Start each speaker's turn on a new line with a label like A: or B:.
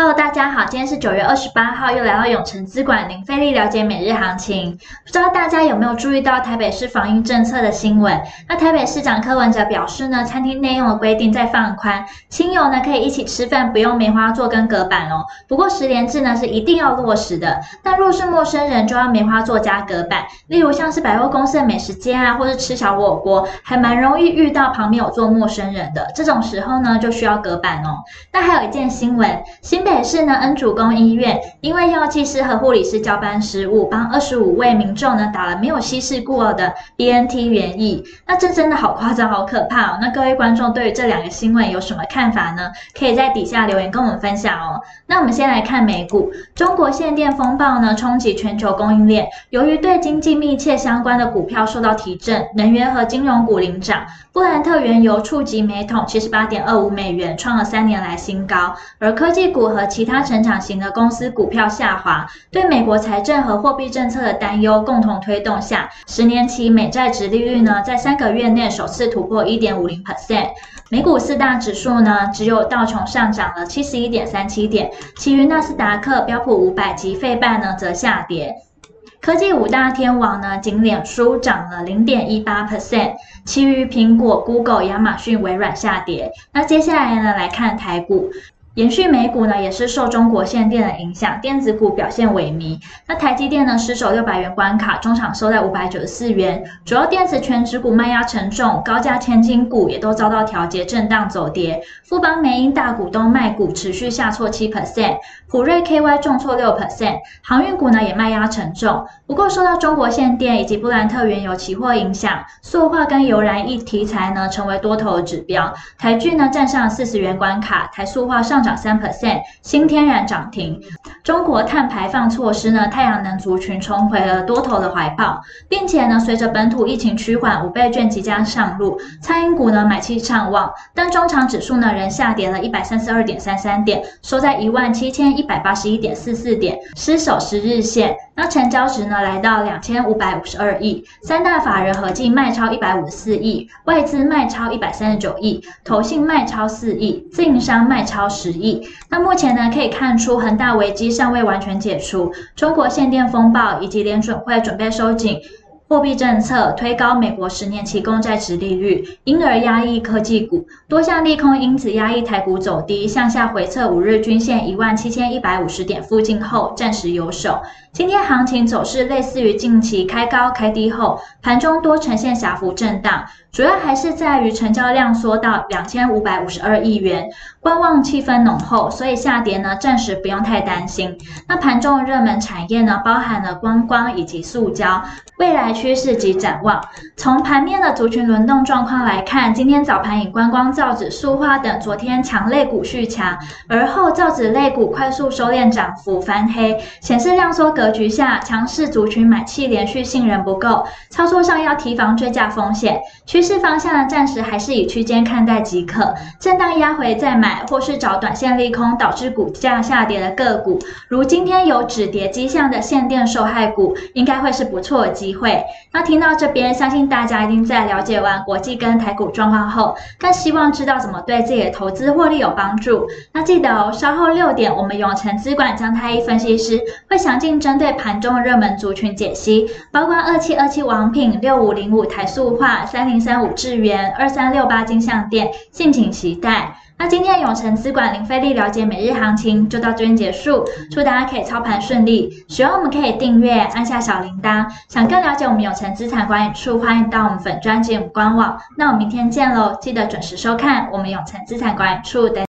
A: Hello，大家好，今天是九月二十八號，又來到永誠資管零費力了解每日行情。不知道大家有沒有注意到台北市防疫政策的新聞？那台北市長柯文哲表示呢，餐廳內用的規定在放寬，親友呢可以一起吃飯，不用梅花座跟隔板哦。不過實聯制呢是一定要落實的，但若是陌生人就要梅花座加隔板。例如像是百貨公司的美食街啊，或是吃小火鍋，還蠻容易遇到旁邊有坐陌生人的，這種時候呢就需要隔板哦。那還有一件新聞，新這也是呢，恩主公醫院因為藥劑師和護理師交班失誤，幫二十五位民眾呢打了沒有稀釋過的 BNT 原液。那這真的好誇張，好可怕哦！那各位觀眾對於這兩個新聞有什麼看法呢？可以在底下留言跟我們分享哦。那我們先來看美股，中國限電風暴呢衝擊全球供應鏈，由於對經濟密切相關的股票受到提振，能源和金融股領漲，布蘭特原油觸及每桶七十八點二五美元，創了三年來新高，而科技股和和其他成長型的公司股票下滑，對美國財政和貨幣政策的擔憂共同推動下，十年期美債殖利率呢在三個月內首次突破一點五零 percent。美股四大指數呢只有道瓊上漲了七十一點三七點，其餘納斯達克、標普五百及費半呢則下跌。科技五大天王呢僅臉書漲了零點一八 percent，其餘蘋果、Google、亞馬遜、微軟下跌。那接下來呢來看台股。延續美股呢，也是受中國限電的影響，電子股表現萎靡。那台積電呢失守六百元關卡，中場收在五百九十四元。主要電子權值股賣壓沉重，高價千金股也都遭到調節震盪走跌。富邦媒因大股東賣股持續下挫7%，普瑞 KY 重挫6%。航運股呢也賣壓沉重，不過受到中國限電以及布蘭特原油期貨影響，塑化跟油燃一題材呢成為多頭的指標。台聚呢站上四十元關卡，台塑化上漲。三 percent 新天然漲停。中國碳排放措施呢？太陽能族群重回了多頭的懷抱，並且呢，隨着本土疫情趨緩，五倍券即將上路，餐飲股呢買氣暢旺。但中場指數呢，仍下跌了一百三十二點三三點，收在一萬七千一百八十一點四四點，失守十日線。那成交值呢？來到兩千五百五十二億，三大法人合計賣超一百五十四億，外資賣超一百三十九億，投信賣超四億，自營商賣超十億。那目前呢？可以看出恆大危機尚未完全解除，中國限電風暴以及聯準會準備收緊。貨幣政策推高美國十年期公債殖利率，因而壓抑科技股。多項利空因子壓抑台股走低，向下回測五日均線一萬七千一百五十點附近後，暫時有守。今天行情走勢類似於近期開高開低後，盤中多呈現窄幅震盪，主要還是在於成交量縮到兩千五百五十二億元，觀望氣氛濃厚，所以下跌呢暫時不用太擔心。那盤中熱門產業呢，包含了觀光，光以及塑膠、未來。趨勢及展望。從盤面的族群輪動狀況來看，今天早盤以觀光、造紙、塑化等昨天強類股續強，而後造紙類股快速收斂，漲幅翻黑，顯示量縮格局下強勢族群買氣連續性仍不夠，操作上要提防追價風險。趨勢方向呢，暫時還是以區間看待即可，震盪壓回再買，或是找短線利空導致股價下跌的個股，如今天有止跌跡象的限電受害股，應該會是不錯的機會。那聽到這邊，相信大家已經在了解完國際跟台股狀況後，更希望知道怎麼對自己的投資獲利有幫助。那記得哦，稍後六點，我們永成資管張太一分析師會詳盡針對盤中的熱門族群解析，包括二七二七王品、六五零五台塑化、三零三五智原、二三六八金像電，敬請期待。那、啊、今天的永誠資管零費力了解每日行情，就到這邊結束，祝大家可以操盤順利，喜歡我們可以訂閱，按下小鈴鐺。想更了解我們永誠資產管理處，歡迎到我們粉專及官網。那我們明天見嘍，記得準時收看我們永誠資產管理處的。等